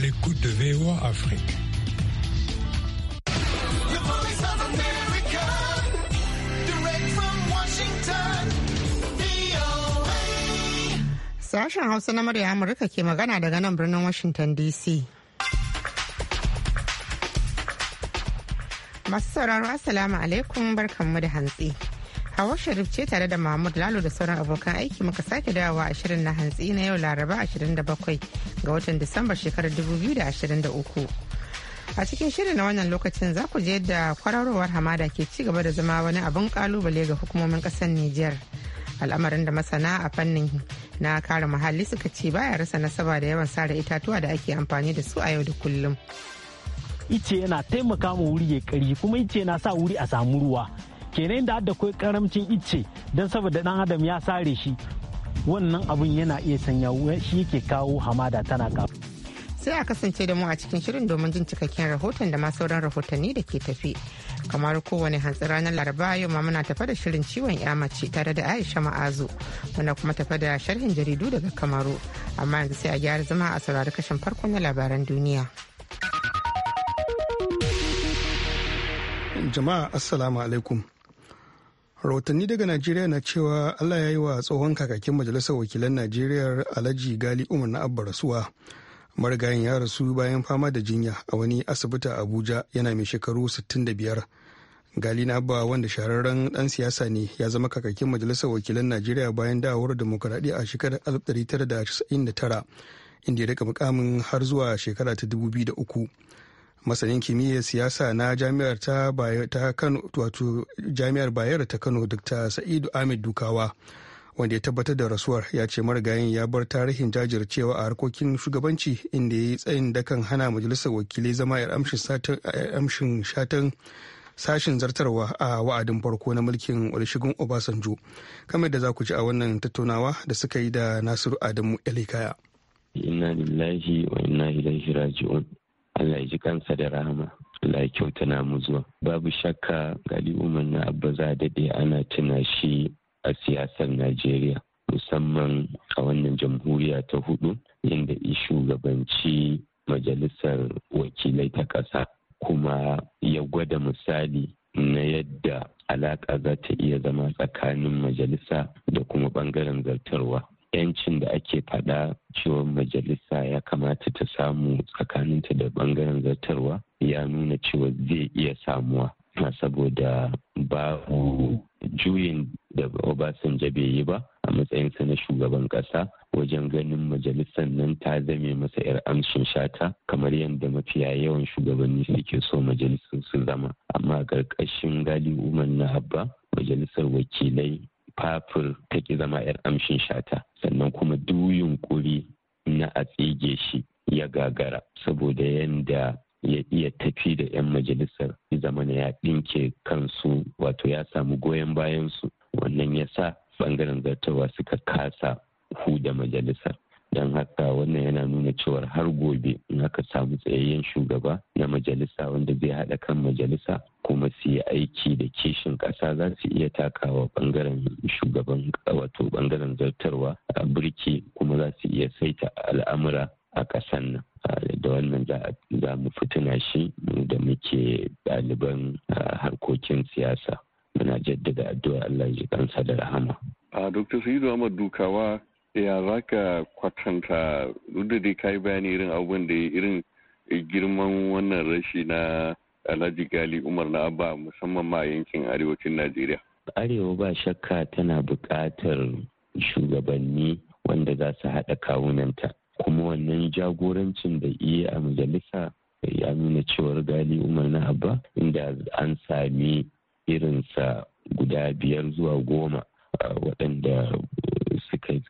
l'écoute de VOA Afrique. Sashen Hausa na murya Amurka ke magana daga nan birnin Washington DC. Masu sauraro Assalamu alaikum barkanmu da hantsi. Hawa Sharif ce tare da Mahmud Lalo da sauran abokan aiki muka sake dawowa a shirin na hantsi na yau Laraba 27 ga watan Disamba shekarar 2023. A cikin shirin na wannan lokacin za ku je da kwararowar hamada ke ci gaba da zama wani abin kalubale ga hukumomin kasar Nijar. Al'amarin da masana a fannin na kare muhalli suka ce baya rasa nasaba da yawan sare itatuwa da ake amfani da su a yau da kullum. Ice yana taimaka ma wuri ya kari kuma ice yana sa wuri a samu ruwa. kenan inda da kai karamcin icce don saboda dan adam ya sare shi wannan abun yana iya sanya shi yake kawo hamada tana kawo sai a kasance da mu a cikin shirin domin jin cikakken rahoton da ma sauran rahotanni da ke tafi kamar kowane hantsi ranar laraba yau ma muna tafa da shirin ciwon ya mace tare da aisha ma'azu muna kuma tafa da sharhin jaridu daga kamaru amma yanzu sai a gyara zama a saurari kashin farko na labaran duniya jama'a assalamu alaikum rahotanni daga najeriya na cewa allah ya yi wa tsohon kakakin majalisar wakilan najeriya alhaji gali umar na abba rasuwa marigayin ya rasu bayan fama da jinya a wani asibiti a abuja yana mai shekaru 65 gali na abba wanda shahararren dan siyasa ne ya zama kakakin majalisar wakilan najeriya bayan dawowar demokuraɗiyya a shekarar 1999 inda ya rika mukamin har zuwa shekara ta 2003 masanin kimiyyar siyasa na jami'ar ta kano jami'ar bayero ta kano dr sa'idu ahmed dukawa wanda ya tabbatar da rasuwar ya ce marigayin ya bar tarihin jajircewa a harkokin shugabanci inda ya yi tsayin dakan hana majalisar wakilai zama yar amshin shatan sashin zartarwa a wa'adin farko na mulkin olishigun obasanjo kamar da za ku ji a wannan tattaunawa da suka yi da nasiru adamu elikaya inna lillahi wa inna ilaihi raji'un Allah ya ji kansa da rahama Allah ya kyauta na mu zuwa babu shakka gali umar na abba za daɗe ana tuna shi a siyasar Najeriya musamman a wannan jamhuriya ta hudu inda shugabanci majalisar wakilai ta ƙasa kuma ya gwada misali na yadda alaƙa za ta iya zama tsakanin majalisa da kuma ɓangaren zartarwa yancin da ake faɗa cewa majalisa ya kamata ta samu tsakaninta da bangaren zartarwa ya nuna cewa zai iya samuwa Na saboda babu juyin da obasanjo bai yi ba a matsayinsa na shugaban ƙasa wajen ganin majalisar nan ta zame masa 'yar amshin shata kamar yadda mafiya yawan shugabanni suke so majalisar su zama amma ƙarƙashin gali umar na habba majalisar wakilai fafur ta ƙi zama 'yar amshin shata sannan kuma duk yunƙuri na a tsige shi ya gagara saboda yadda ya iya tafi da 'yan majalisar zamana ya ɗinke kansu wato ya samu goyon bayansu wannan ya sa ɓangaren zartawa suka kasa huda majalisar don haka wannan yana nuna cewar har gobe in aka samu tsayayyen shugaba na majalisa wanda zai haɗa kan majalisa kuma su yi aiki da kishin ƙasa za su iya takawa bangaren shugaban wato ɓangaren zartarwa a birki kuma za su iya saita al'amura a ƙasan nan da wannan za mu fituna shi da muke ɗaliban harkokin siyasa muna jaddada addu'a Allah ya kansa da rahama. a dr sayyidu ahmad dukawa ya za ka kwatanta duk da ka yi bayani irin abubuwan da irin girman wannan rashi na alhaji gali umar na abba musamman ma yankin arewacin najeriya arewa ba shakka tana buƙatar shugabanni wanda za su haɗa kawunanta kuma wannan jagorancin da iya a majalisa ya nuna cewar gali umar na abba inda an sami irinsa guda biyar zuwa goma waɗanda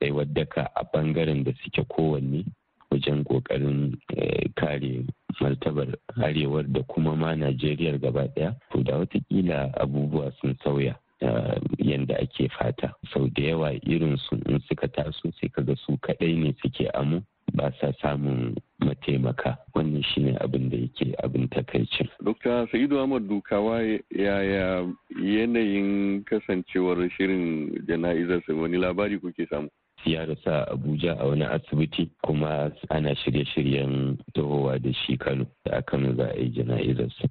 tsaiwar daka a bangaren da suke kowanne wajen kokarin eh, kare martabar arewar da kuma ma najeriya gaba daya to da watakila abubuwa sun sauya eh, yadda ake fata sau da yawa irinsu in suka taso sai kaga su kadai ne suke amu ba sa samun mataimaka wannan shine abin da yake abin takaicin. Dokta Sa'idu Ahmad Dukawa yaya yanayin kasancewar shirin jana'izarsa wani labari kuke samu? ya a abuja a wani asibiti kuma ana shirye-shiryen tahowa da shi kano da aka za a yi jana'izarsa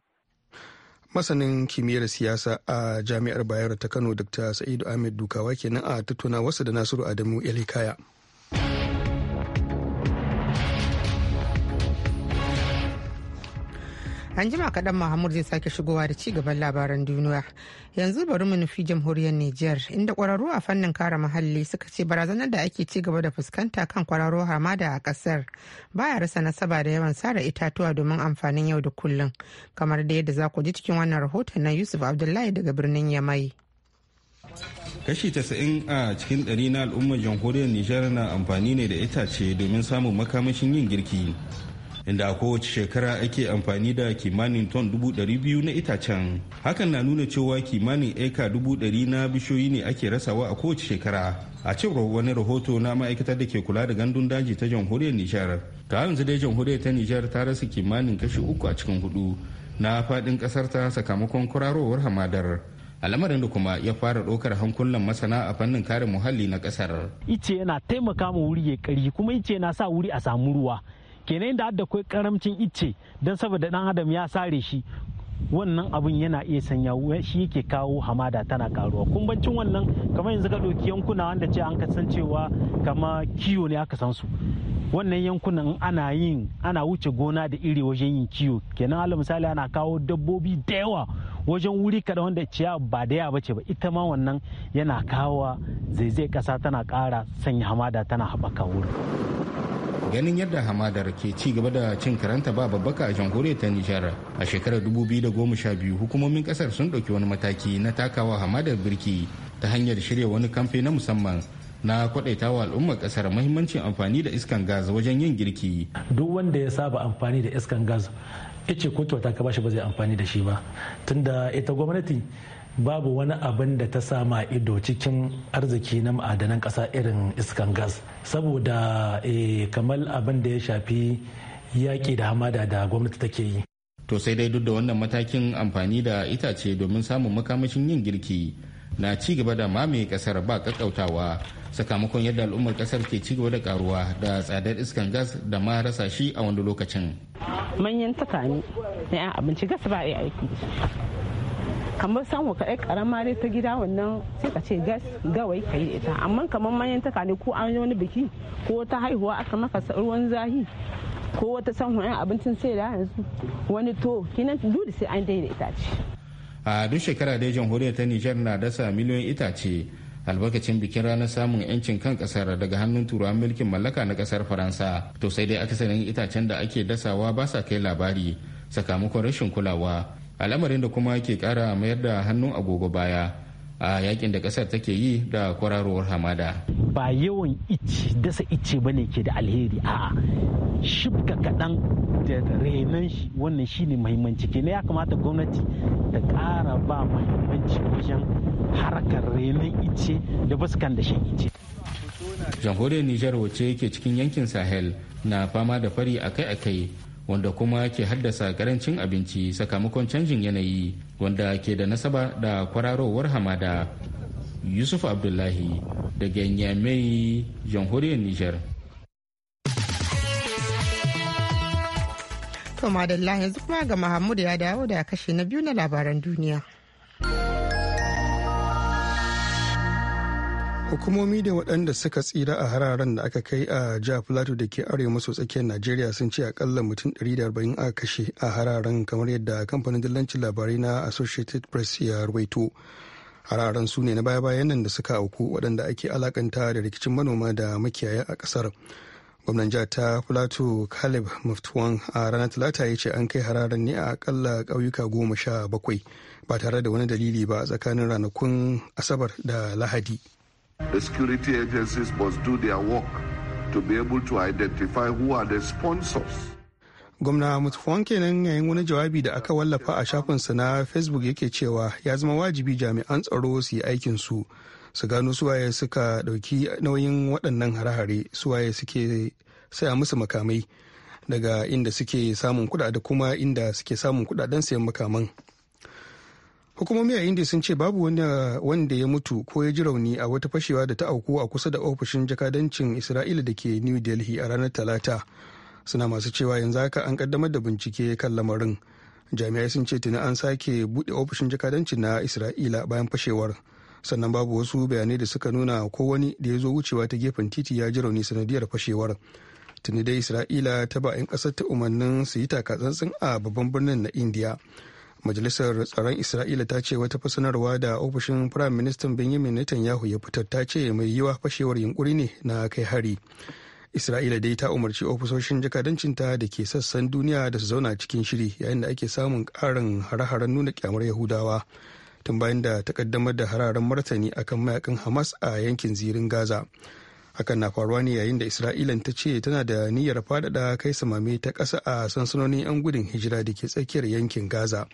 masanin kimiyyar siyasa a jami'ar bayero ta kano dr sa'idu ahmed dukawa kenan a tattauna wasu da nasiru adamu elikaya. kaya an jima kaɗan mahmud zai sake shigowa da ci gaban labaran duniya yanzu bari mu nufi jamhuriyar niger inda kwararru a fannin kare muhalli suka ce barazanar da ake ci gaba da fuskanta kan kwararru hamada a ƙasar baya rasa nasaba da yawan sare itatuwa domin amfanin yau da kullum kamar da yadda za ku ji cikin wannan rahoton na yusuf abdullahi daga birnin yamai kashi 90 a cikin ɗari na al'ummar jamhuriyar nijar na amfani ne da itace domin samun makamashin yin girki inda a kowace shekara ake amfani da kimanin ton biyu na itacen hakan na nuna cewa kimanin eka ɗari na bishiyoyi ne ake rasawa a kowace shekara a cewar wani rahoto na ma'aikatar da ke kula da gandun daji ta jamhuriyar nijar ta yanzu dai jamhuriyar ta nijar ta rasa kimanin kashi uku a cikin hudu na fadin kasar ta sakamakon kurarowar hamadar al'amarin da kuma ya fara ɗaukar hankulan masana a fannin kare muhalli na kasar. Ice yana taimaka ma wuri ya ƙari kuma ice yana sa wuri a samu ruwa kenan da hada kai karamcin icce don saboda dan adam ya sare shi wannan abun yana iya sanya shi yake kawo hamada tana karuwa kumbancin wannan kamar yanzu ka ɗauki yankuna wanda ce an kasan cewa kama kiwo ne aka san su wannan yankunan ana yin ana wuce gona da iri wajen yin kiwo kenan ala misali ana kawo dabbobi da yawa wajen wuri kada wanda ciya ba da yawa bace ba ita ma wannan yana kawo zaizai kasa tana kara sanya hamada tana haɓaka wuri. ganin yadda hamadar ke ci gaba da cin karanta ba babbaka a jamhuriyar ta nijar a shekarar 2012 hukumomin kasar sun ɗauki wani mataki na takawa hamadar birki ta hanyar shirya wani kamfe na musamman na wa al'ummar kasar mahimmancin amfani da iskan gas wajen yin girki duk wanda ya saba amfani da iskan gas ice ko kyauta ka bashi ba zai amfani da shi ba tunda ita gwamnati babu wani abin da ta sama ido cikin arziki na ma'adanan kasa irin iskan gas saboda eh, kamar abin da ya shafi yaƙi da hamada da gwamnati take yi to sai dai duk da wannan matakin amfani da itace domin samun makamashin yin girki na ci gaba da mamaye kasar ba kakkautawa sakamakon yadda al'ummar kasar ke ci gaba da karuwa da tsadar iskan gas da ma rasa shi a wani lokacin manyan tukani na abinci gas ba ya aiki kamar samu ka karama dai ta gida wannan sai ka ce gas gawai ka yi ita amma kamar manyan taka ne ko an yi wani biki ko ta haihuwa aka maka ruwan zahi ko wata san abincin sai da yanzu wani to kinan dudu sai an daina itace a duk shekara dai jamhuriyar ta nijar na dasa miliyoyin itace albarkacin bikin ranar samun 'yancin kan kasar daga hannun turawan mulkin mallaka na kasar faransa to sai dai akasarin itacen da ake dasawa ba sa kai labari sakamakon rashin kulawa al'amarin da kuma ke kara mayar da hannun agogo baya a yakin da kasar take yi da kwararowar hamada ba yawan ice dasa ice ba ne ke da alheri a shibka kaɗan da renon shi wannan shine mahimmanci ke ya kamata gwamnati ta ƙara ba mahimmanci wajen harkar renan ice da baskan da shan ice jamhuriyar nijar wacce yake cikin yankin sahel na fama da fari akai-akai wanda kuma ke haddasa karancin abinci sakamakon canjin yanayi wanda ke da nasaba da kwararowar hamada yusuf abdullahi daga yamai jamhuriyar nijar to madalla yanzu kuma ga mahmud ya dawo da kashe na biyu na labaran duniya hukumomi da waɗanda suka tsira a hararen da aka kai a jihar plateau da ke arewa maso tsakiyar najeriya sun ce akalla mutum 140 aka kashe a hararen kamar yadda kamfanin dillancin labarai na associated press ya ruwaito hararen su ne na baya-bayan nan da suka auku waɗanda ake alakanta da rikicin manoma da makiyaya a ƙasar gwamnan jihar ta plateau caleb muftuwan a ranar talata ya ce an kai hararen ne a akalla ƙauyuka goma sha bakwai ba tare da wani dalili ba tsakanin ranakun asabar da lahadi The security agencies must do their work to be able to identify who are the sponsors. Gwamna Mutfuwan kenan yayin wani jawabi da aka wallafa a shafinsa na Facebook yake cewa ya zama wajibi jami'an tsaro su yi aikinsu su gano suwaye suka dauki nauyin waɗannan hare-hare suwaye suke saya musu makamai daga inda suke samun kuɗa da kuma inda suke samun kuɗaɗen sayan makaman. hukumomi a india sun ce babu wani uh, wanda ya mutu ko ya ji rauni a wata fashewa da ta auku a kusa da ofishin jakadancin isra'ila da ke new delhi a ranar talata suna masu cewa yanzu haka an kaddamar da bincike kan lamarin jami'ai sun ce tuni an sake buɗe ofishin jakadancin na isra'ila bayan fashewar sannan babu wasu bayanai da suka nuna ko wani da ya zo wucewa ta gefen titi ya ji rauni sanadiyar fashewar tuni dai isra'ila ta ba 'yan ƙasar ta umarnin su yi takatsantsin a babban birnin na indiya majalisar tsaron isra'ila ta ce wata fasanarwa da ofishin firayim ministan benjamin netanyahu ya fitar ta ce mai yiwa fashewar yunkuri ne na kai hari isra'ila dai ta umarci ofisoshin jakadancinta da ke sassan duniya da su zauna cikin shiri yayin da ake samun karin hare-haren nuna kyamar yahudawa tun bayan da ta da hararen martani akan mayakan hamas a yankin zirin gaza hakan na faruwa ne yayin da isra'ila ta ce tana da niyyar faɗaɗa kai samame ta ƙasa a sansanonin 'yan gudun hijira da ke tsakiyar yankin gaza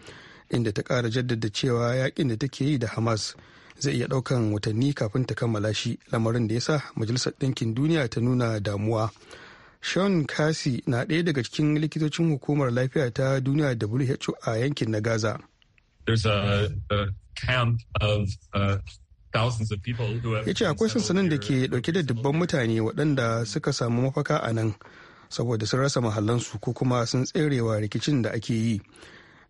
inda ta ƙara jaddada cewa yakin da take yi da hamas zai iya ɗaukan watanni kafin ta kammala shi lamarin da ya sa majalisar ɗinkin duniya ta nuna damuwa sean kasi na ɗaya daga cikin likitocin hukumar lafiya ta duniya da who a yankin na gaza camp uh, ya ce akwai sansanin da ke dauke da dubban mutane waɗanda suka samu mafaka a nan saboda sun rasa mahallansu ko kuma sun tserewa rikicin da ake yi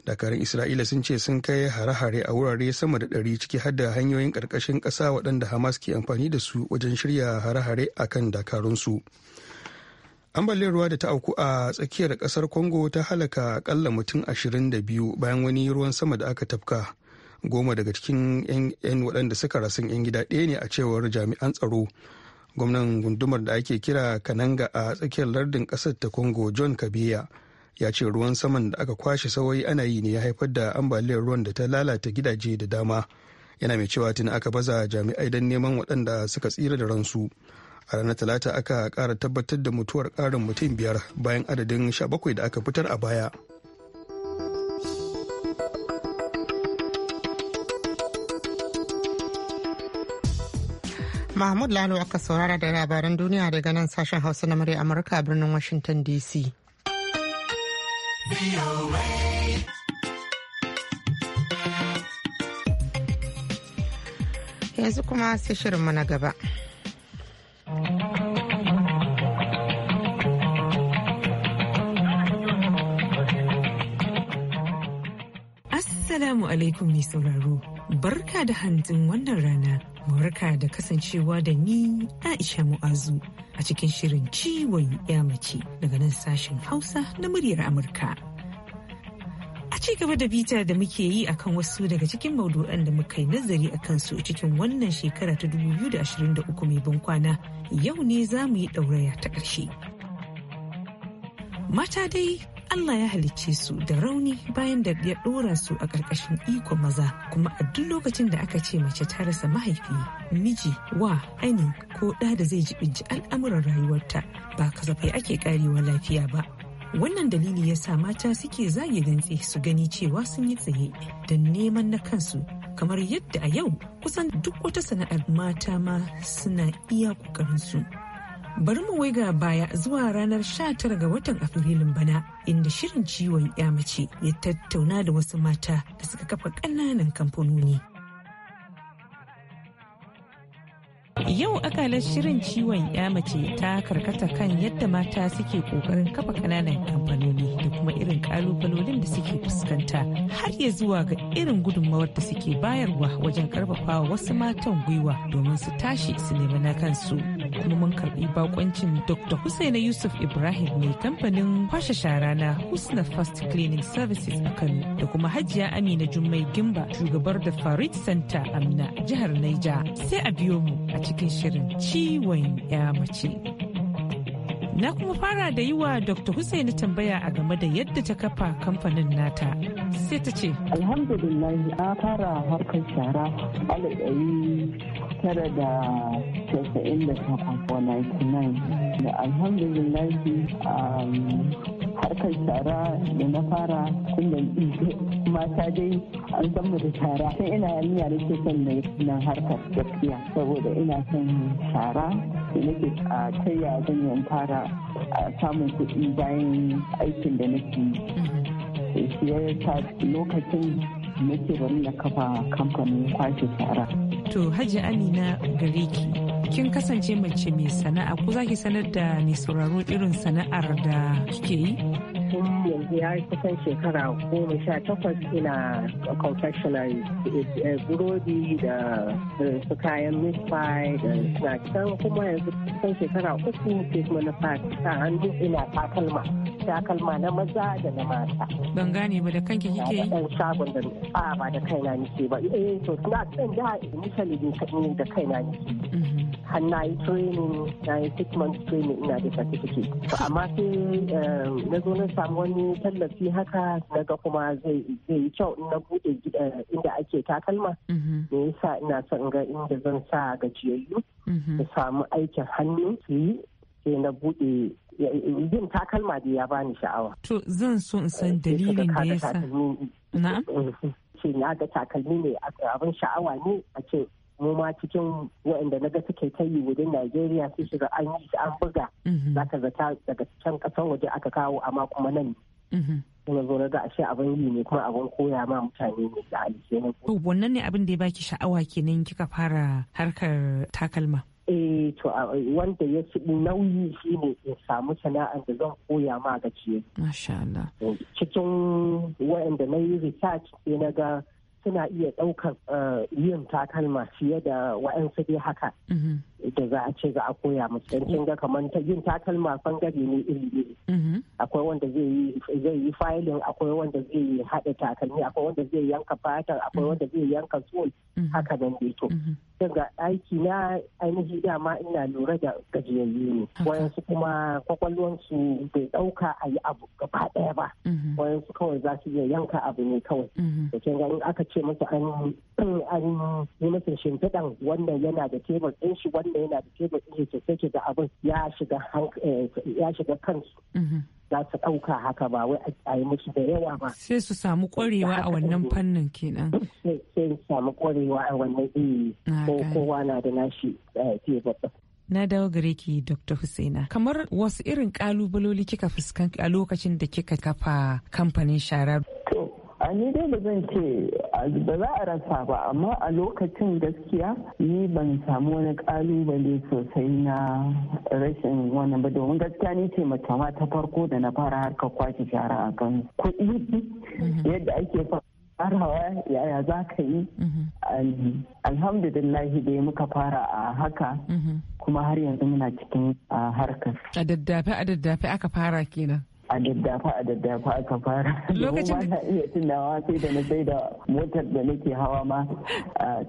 dakarun isra'ila sun ce sun kai hare-hare a wurare sama da ɗari ciki har da hanyoyin ƙarƙashin ƙasa waɗanda hamas ke amfani da su wajen shirya hare-hare a kan dakarunsu ambaliyar ruwa da ta auku a tsakiyar ƙasar congo ta halaka akalla mutum ashirin da biyu bayan wani ruwan sama da aka tafka goma daga cikin 'yan waɗanda suka rasun 'yan gida ɗaya ne a cewar jami'an tsaro gwamnan gundumar da ake kira kananga a tsakiyar lardin ƙasar ta congo john kabiya ya ce ruwan saman da aka kwashe sawai ana yi ne ya haifar da ambaliyar ruwan da ta lalata gidaje da dama yana mai cewa tun aka baza jami'ai don neman waɗanda suka tsira da ransu a ranar talata aka ƙara tabbatar da mutuwar ƙarin mutum biyar bayan adadin 17 da aka fitar a baya. Mahmud Lalo aka saurara da labaran duniya daga nan sashen Hausa na murya Amurka birnin Washington DC. Yanzu kuma sai shirinmu na gaba. Assalamu alaikum mai sauraro, barka da hantin wannan rana. Barka da kasancewa da ni Aisha Mu'azu a cikin shirin ciwon ya mace daga nan sashen Hausa na muryar Amurka. A ci gaba da bita da muke yi akan wasu daga cikin maudu'an da muka yi nazari a kansu cikin wannan shekara ta 2023 mai ban kwana yau ne za mu yi ɗauraya ta ƙarshe. Mata dai Allah ya halicce su da rauni bayan da ya ɗora su a ƙarƙashin iko maza kuma a duk lokacin da aka ce mace ta rasa mahaifi miji wa ani ko ɗa da zai jibinci al'amuran rayuwarta ba kasafai ake karewa lafiya ba wannan dalili ya sa mata suke zage dantse su gani cewa sun yi tsaye da neman na kansu kamar yadda a yau kusan duk wata sana'ar mata ma suna iya ƙoƙarinsu. su bari mu waiga baya zuwa ranar 19 ga watan afrilun bana inda shirin ciwon ya mace ya tattauna da wasu mata da suka kafa ƙananan kamfanoni Yau akalar shirin ciwon ya mace ta karkata kan yadda mata suke kokarin kafa kananan kamfanoni da kuma irin kalubalolin da suke fuskanta har ya zuwa ga irin gudunmawar da suke bayarwa wajen karfafawa wasu matan gwiwa domin su tashi su nemi na kansu. Kuma mun karbi bakoncin Dr. Husaina Yusuf Ibrahim mai kamfanin kwashe shara na Husna First Cleaning Services a Kano da kuma Hajiya Amina Jummai Gimba shugabar da Farid Center Amina jihar Naija. Sai a biyo mu a cikin cikin shirin ciwon ya mace. Na kuma fara da yi wa Dr. Hussaini tambaya a game da yadda ta kafa kamfanin nata. Sai ta ce, Alhamdulillah na fara harkar shara ɗari tara da casa'in da takwas da alhamdulillah um, harkar shara da na fara kullum da mata dai an san da shara sai ina yarinya da ke son na harkar gaskiya saboda ina son shara da nake a taya zan yi fara samun kuɗi bayan aikin da nake yi. lokacin nake bari na kafa kamfanin kwashe shara. To Hajji Amina gare ki. kin kasance mace mai sana'a ko za ki sanar da mai sauraro irin sana'ar da kike yi? Tun yanzu ya kusan shekara goma sha takwas ina confectionery eh, eh, burodi da su kayan meat da snacks kuma yanzu kusan shekara uku ke kuma na fata an ina takalma. takalma na maza da na mata. Ban gane ba da kanki kike yi? Ɗan shagon da a ba da kaina nake ba. Eh to suna ɗan da misali ne da kaina nake. Mm-hmm. har na yi training na yi six months training ina da certificate to amma sai eh, na zo na samu wani tallafi haka daga kuma zai yi kyau na bude inda ake takalma mm-hmm. me yasa ina son ga inda zan sa gajiyayyu da mm-hmm. samu aikin hannu su yi sai na bude yin takalma da ya bani sha'awa to zan so in san eh, dalilin da yasa na. ce na ga takalmi ne abin sha'awa ne a ce mu ma cikin waɗanda na ga suke ta yi wajen Najeriya sai shiga an yi an buga mhm. za ka zata daga can kasar waje aka kawo amma kuma nan mhm. kuma zo na ga ashe abin yi ne kuma abin koya ma mutane ne da alishe to wannan ne abin da ya baki sha'awa kenan kika fara harkar takalma eh to wanda ya ci nauyi shi ne in samu sana'ar da zan koya ma gaciye masha Allah eh, cikin waɗanda na yi research sai na ga suna iya ɗaukar eh, yin takalma fiye da wa'ansu dai haka mm-hmm. da za a ce za a koya musu don ga kamar ta yin takalma bangare ne iri iri mhm. akwai wanda zai yi zai yi filing akwai wanda zai yi hada takalmi akwai wanda zai yanka fatar akwai wanda zai yanka sol mhm. haka nan dai to mhm. daga aiki na ainihi dama ina lura da gajiyayye ne wayansu kuma su bai ɗauka ayi yi abu gaba daya ba wayansu kawai za su iya yanka abu ne kawai da kin ga in aka ce musu an an yi musu shimfiɗan wannan yana da tebur ɗin shi wanda yana da tebur ɗin ke sai ke da abin ya shiga eh, kansu mhm. za su ɗauka haka ba wai a yi musu da yawa ba. Sai su samu ƙwarewa a wannan fannin kenan. Sai su samu ƙwarewa a wannan iri eh, ko kowa na da nashi eh, tebur ɗin. na dawo gare ki dr husaina kamar wasu irin kalubaloli kika fuskanta a lokacin da kika kafa kamfanin shara a ni dai ba zan ce ba za a rasa ba amma a lokacin gaskiya ni ban samu wani kalubale sosai na rashin wani ba domin gaskiya ni ce mace ma ta farko da na fara harkar kwaki shara a kan kuɗi mm-hmm. yadda ake farawa yaya za ka yi mm-hmm. alhamdulillahi dai muka fara a haka mm-hmm. kuma har yanzu muna cikin harkar a daddafe a daddafe aka fara kenan a daddafa a daddafa aka fara lokacin da iya tunawa sai da na sai da motar da nake hawa ma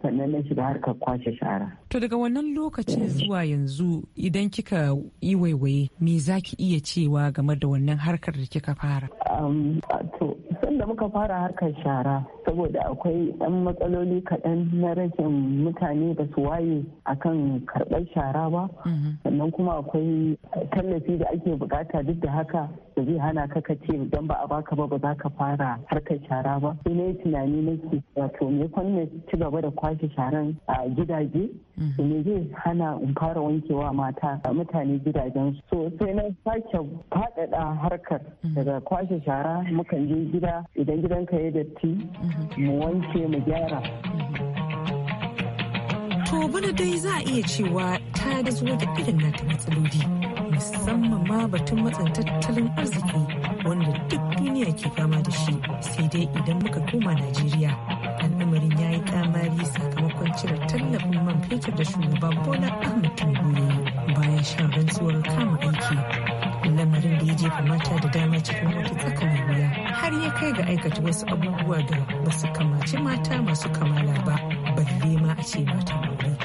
sannan na shiga harkar kwashe shara to daga wannan lokacin eh. zuwa yanzu idan kika yi waiwaye me zaki iya cewa game da wannan harkar da kika fara um, to muka fara harkar shara saboda akwai ɗan matsaloli kaɗan na rashin mutane da su waye akan karɓar shara ba mhm. sannan kuma akwai tallafi da ake bukata duk da haka da zai hana ka ce idan ba a baka ba ba za ka fara harkar shara ba sai na tunani nake wato me kwanne ci gaba da kwashe sharan a gidaje Mm-hmm. me zai hana in fara wankewa mata a mutane gidajen so sai na sake faɗaɗa harkar mm-hmm. daga kwashe shara mukan je gida idan gidan ka ya datti mm-hmm. mu wanke mu gyara To bana dai za a iya cewa ta da zuwa da irin nata matsaloli musamman ma batun matsan tattalin arziki wanda duk duniya ke fama da shi sai dai idan muka koma Najeriya da shugaba bola ahmed tinubu bayan shan rantsuwar kama aiki lamarin da ya jefa mata da dama cikin wata tsakanin wuya har ya kai ga aikata wasu abubuwa da ba su kamaci mata masu kamala ba balle ma a ce mata aure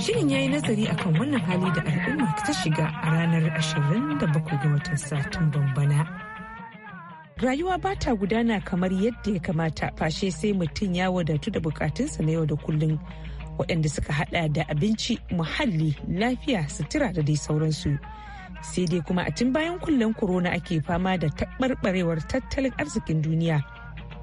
shirin ya yi nazari akan wannan hali da al'umma ta shiga a ranar ashirin da bakwai ga watan satumban bana rayuwa ba ta gudana kamar yadda ya kamata fashe sai mutum ya wadatu da bukatunsa na yau da kullum waɗanda suka hada da abinci muhalli lafiya sutura da dai sauransu sai dai kuma a tun bayan kullen corona ake fama da taɓarɓarewar tattalin arzikin duniya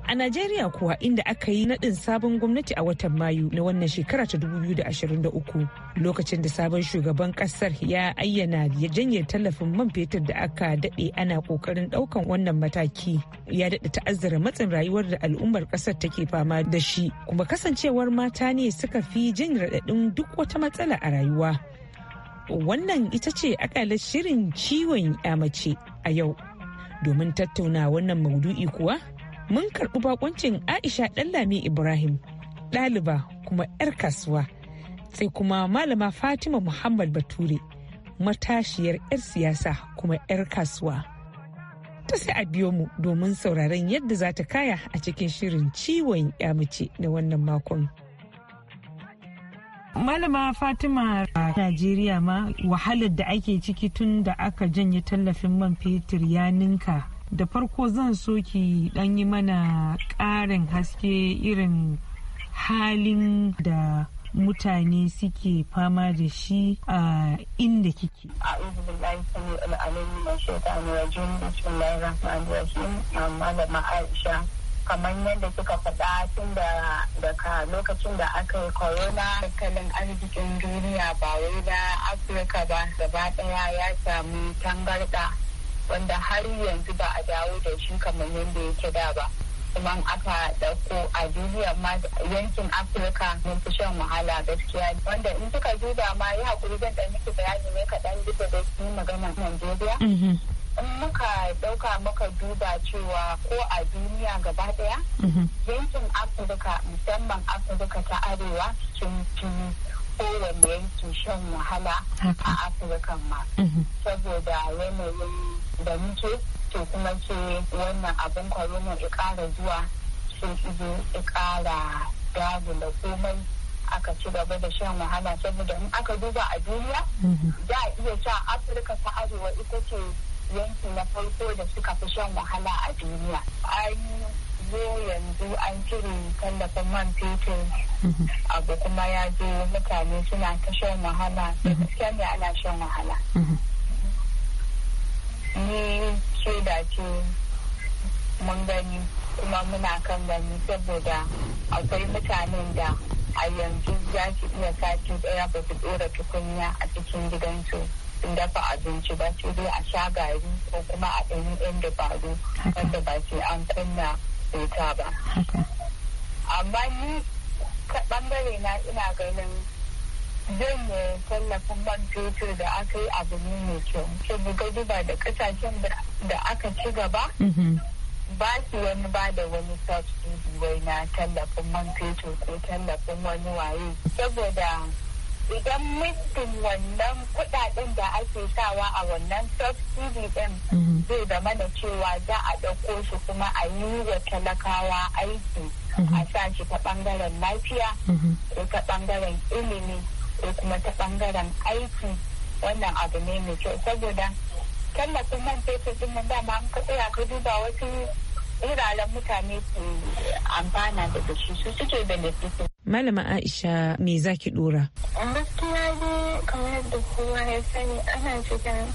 A Najeriya kuwa inda aka yi naɗin sabon gwamnati a watan Mayu na wannan shekara ta 2023 lokacin da sabon shugaban ƙasar ya ayyana ya janye tallafin man fetur da aka daɗe ana ƙoƙarin ɗaukan wannan mataki ya daɗa ta'azzara matsin rayuwar da al'ummar ƙasar take fama da shi kuma kasancewar mata ne suka fi jin raɗaɗin duk wata matsala a rayuwa. Wannan ita ce shirin ciwon mace a yau. Domin tattauna wannan maudu'i kuwa mun karɓi bakuncin aisha ɗanlami ibrahim ɗaliba kuma 'yar kasuwa sai kuma malama fatima muhammad bature matashiyar 'yar siyasa kuma 'yar kasuwa ta sai a biyo mu domin sauraron yadda za ta kaya a cikin shirin ciwon mace na wannan makon malama fatima a najeriya ma wahalar da ake ciki tun da aka janye tallafin man fetur ya ninka da farko zan so ki dan yi mana ƙarin haske irin halin da mutane suke fama da shi a inda kike. amma da ma'aisha kamar yadda suka faɗa tun da daga lokacin da aka yi corona tattalin arzikin duniya ba wai na afirka ba gaba ɗaya ya samu tangarɗa wanda har yanzu ba a dawo da shi kamar yadda yake da ba kuma aka dauko a duniya ma yankin afirka mun fi shan wahala gaskiya wanda in suka duba ma ya hakuri zan ɗan miki bayani ne kaɗan bisa da su magana najeriya mm-hmm. in muka ɗauka muka duba cewa ko a duniya gaba ɗaya mm-hmm. yankin afirka musamman afirka ta arewa cikin kowane yanki shan wahala a afirka ma mm-hmm. saboda yanayin da muke to kuma ce wannan abin corona ya ƙara zuwa sun ido ya ƙara dagula komai aka ci gaba da shan wahala saboda in aka duba a duniya mm-hmm. za a iya sa afirka ta arewa ita ce yanki na farko da suka fi shan wahala a duniya an zo yanzu an cire tallafin man fetur mhm. abu kuma ya zo mutane suna ta shan wahala da mhm. gaskiya ne ana shan wahala mhm. ni da ce mun gani kuma muna kan gani saboda akwai mutanen da a yanzu za su iya sati daya ba su dora tukunya a cikin gidansu dafa abinci ba sai dai a sha gari ko kuma a ɗan ɗan dabaru wanda ba sai an kunna wuta ba. Amma ni ɓangare na ina ganin zan tallafin man fetur da aka yi abu ne mai kyau. ga duba da ƙasashen da aka ci gaba. Mm-hmm. ba su wani ba da wani sauti wai na tallafin man fetur ko tallafin wani waye saboda idan mutum wannan kudaden da ake sawa a wannan subsidy din mhm. zai da mana cewa za a ɗauko su kuma a yi wa talakawa aiki a mhm. sa shi ta ɓangaren lafiya mhm. ko ta ɓangaren ilimi ko kuma ta ɓangaren aiki wannan abu ne mai kyau saboda tallafin man fetur din nan dama an ka tsaya ka duba wasu wuraren mutane su amfana da shi su suke benefitin. Malama Aisha me zaki dora? Gaskiya ne kamar da kowa ya sani ana cikin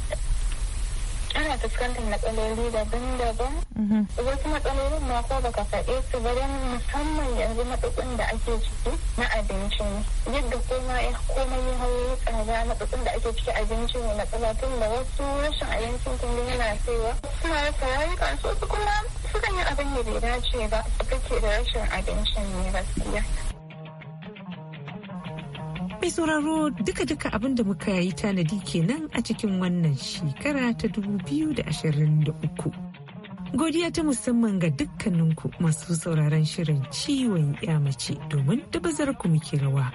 ana fuskantar matsaloli daban-daban mhm. wasu matsalolin ma ko baka faɗe su ba don musamman yanzu matsatsin da ake ciki na abinci ne yadda koma ya komai ya hau tsada matsatsin da ake ciki abinci ne matsala tun da wasu rashin abincin da yana saiwa suna rasa rayukan su kuma sukan yi abin da bai dace ba su kake da rashin abincin ne gaskiya Mai sauraro duka-duka abin da muka yi tanadi kenan a cikin wannan shekara ta 2023. Godiya ta musamman ga dukkaninku masu sauraron shirin ciwon mace domin bazar ku muke rawa.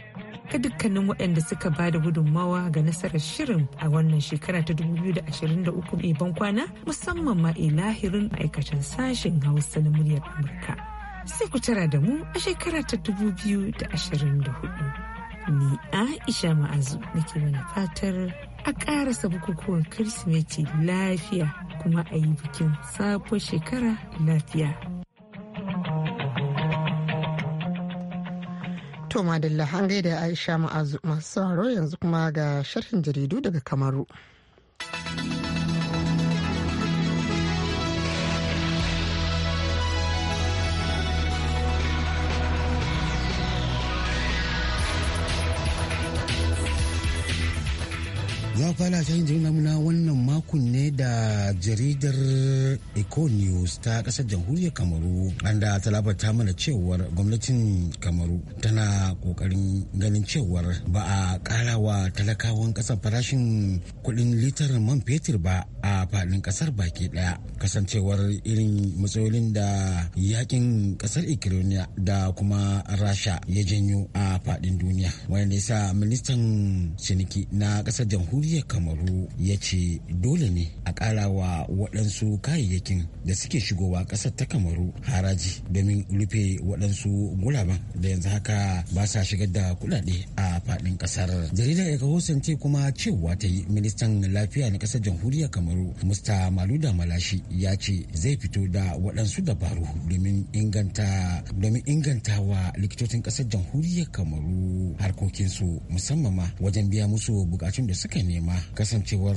Ka dukkanin waɗanda suka ba da gudunmawa ga nasarar shirin a wannan shekara ta 2023 mai ban kwana musamman ma ilahirin ma'aikatan sashen Hausa na muryar Amurka. Sai ku tara da mu a shekara ta 2024. ni aisha ma'azu nake mana fatar a karasa bukukuwan kirsimeti lafiya kuma a yi bikin sabon shekara lafiya to madalla an da aisha ma'azu masu sauraro yanzu kuma ga sharhin jaridu daga kamaru za fara shayin jirgin wannan makon ne da jaridar eco news ta kasar jamhuriyar kamaru an da ta mana cewar gwamnatin kamaru tana kokarin ganin cewar ba a kara wa talakawan kasar farashin kudin litar man fetur ba a fadin kasar baki daya kasancewar irin matsalolin da yakin kasar ukraine da kuma rasha ya janyo a fadin duniya wanda yasa ministan ciniki na kasar jamhuriyar jamhuriyar kamaru ya ce dole ne a ƙara wa waɗansu kayayyakin da suke shigowa ƙasar ta kamaru haraji domin rufe waɗansu gulaban da yanzu haka ba sa shigar da kuɗaɗe a faɗin ƙasar jaridar eka ce kuma cewa ta yi ministan lafiya na ƙasar jamhuriyar kamaru musta maluda malashi ya ce zai fito da waɗansu dabaru domin inganta domin inganta wa likitocin ƙasar jamhuriyar kamaru harkokinsu musamman ma wajen biya musu bukatun da suka ne nema kasancewar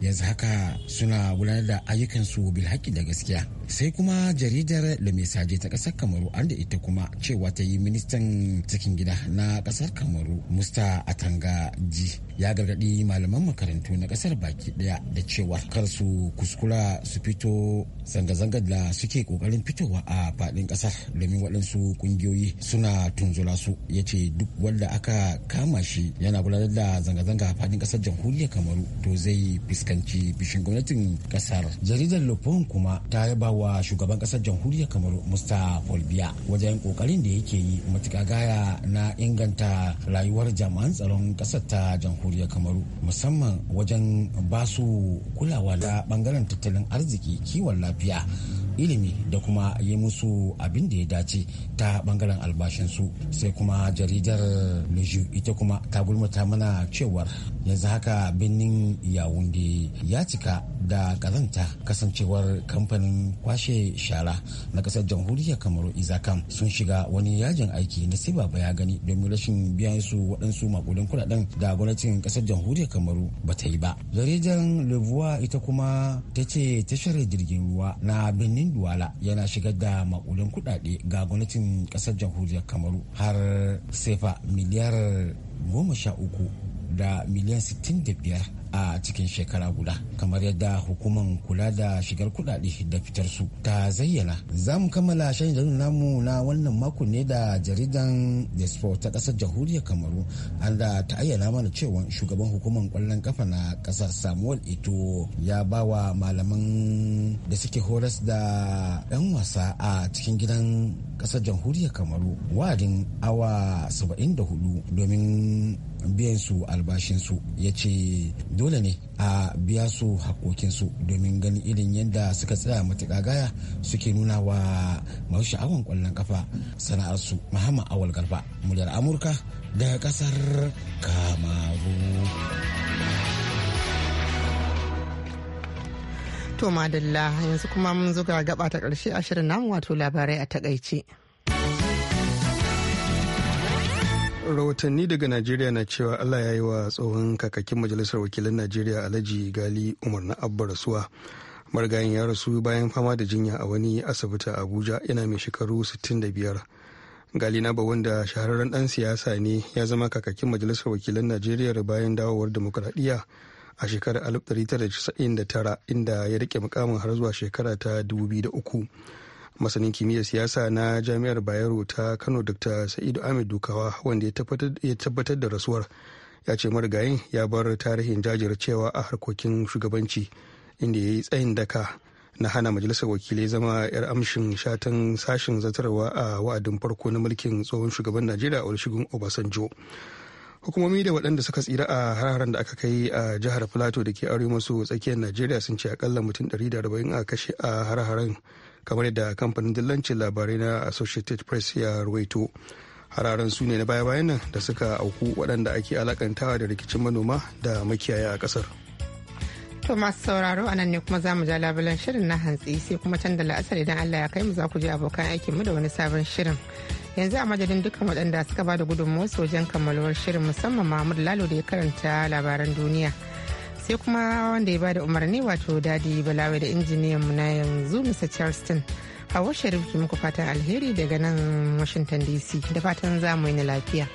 yanzu haka suna gudanar da ayyukansu bil da gaskiya sai kuma jaridar da mesaje ta ƙasar kamaru an da ita kuma cewa ta yi ministan cikin gida na ƙasar kamaru musta atanga ji ya gargaɗi malaman makarantu na ƙasar baki ɗaya da cewa kar su kuskura su fito zanga zanga da suke ƙoƙarin fitowa a faɗin ƙasar domin waɗansu ƙungiyoyi suna tunzula su ya ce duk wanda aka kama shi yana gudanar da zanga-zanga a faɗin ƙasar jamhuriya jamhuriyar kamaru to zai fuskanci bishin gwamnatin kasar jaridar lopon kuma ta yaba wa shugaban kasar jamhuriyar kamaru musta folbiya wajen kokarin da yake yi matuka gaya na inganta rayuwar jami'an tsaron kasar ta jamhuriyar kamaru musamman wajen basu kulawa da bangaren tattalin arziki kiwon lafiya ilimi da kuma yi musu abin da ya dace ta bangaren albashinsu sai kuma jaridar leju ita kuma ta gulmata mana cewar yanzu haka birnin yawunde ya cika da karanta kasancewar kamfanin kwashe shara na kasar jamhuriyar kamaru izakam sun shiga wani yajin aiki na baba ya gani domin rashin biyan su waɗansu makudan kuɗaɗen da gwamnatin kasar jamhuriyar kamaru ba ta yi ba jaridar levuwa ita kuma ta ce tashar jirgin ruwa na birnin duwala yana shigar da makulin kudade ga gwamnatin kasar jamhuriyar kamaru har sefa miliyar goma sha uku da miliyan sittin da biyar a cikin shekara guda kamar yadda hukumar kula da shigar kudade da fitar su ta zayyana za mu kammala shan jaridar namu na wannan makon ne da jaridan the sport ta kasar jamhuriyar kamaru an da ta ayyana mana cewa shugaban hukumar kwallon kafa na kasar samuel ito ya ba wa malaman da suke horas da 'yan wasa a cikin gidan kasar jamhuriyar kamaru wa'adin awa 74 domin biyan su albashinsu ya ce dole ne a biya su hakokinsu domin ganin irin yadda suka tsaya matuƙa gaya suke nuna wa masu sha'awan kwallon kafa sana'arsu muhammad awal garba muryar amurka daga ƙasar kamaru to madalla yanzu kuma mun zuga gaba ta ƙarshe a shirin namu wato labarai a takaice. rahotanni daga najeriya na cewa allah ya yi wa tsohon kakakin majalisar wakilan najeriya alhaji gali umar na abba rasuwa marigayin ya rasu bayan fama da jinya a wani asibiti a abuja yana mai shekaru 65 gali ba wanda shahararren dan siyasa ne ya zama kakakin majalisar wakilan najeriya bayan dawowar demokuraɗiyya a shekarar 1999 inda ya rike mukamin har zuwa shekara ta 2003 masanin kimiyyar siyasa na jami'ar bayero ta kano dr sa'idu ahmed dukawa wanda ya tabbatar da rasuwar ya ce marigayin ya bar tarihin jajircewa a harkokin shugabanci inda ya yi tsayin daka na hana majalisar wakilai zama 'yar amshin shatan sashen zatarwa a wa'adin farko na mulkin tsohon shugaban najeriya olusegun obasanjo hukumomi da waɗanda suka tsira a hararen da aka kai a jihar plateau da ke arewa maso tsakiyar najeriya sun ce akalla mutum 140 a kashe a hararen kamar yadda kamfanin dillancin labarai na associated press ya ruwaito hararen su ne na baya-bayan nan da suka auku waɗanda ake alakantawa da rikicin manoma da makiyaya a ƙasar to masu sauraro a ne kuma za mu ja labulan shirin na hantsi sai kuma can da la'asar idan allah ya kai mu za ku je abokan aikin mu da wani sabon shirin yanzu a madadin dukkan waɗanda suka ba da gudunmuwa wajen kammaluwar shirin musamman mahmud lalo da ya karanta labaran duniya sai kuma wanda ya ba da umarni wato dadi balawe da injiniyan mu na yanzu mr charleston hawa sharif ki muku fatan alheri daga nan washington dc da fatan za mu yi lafiya.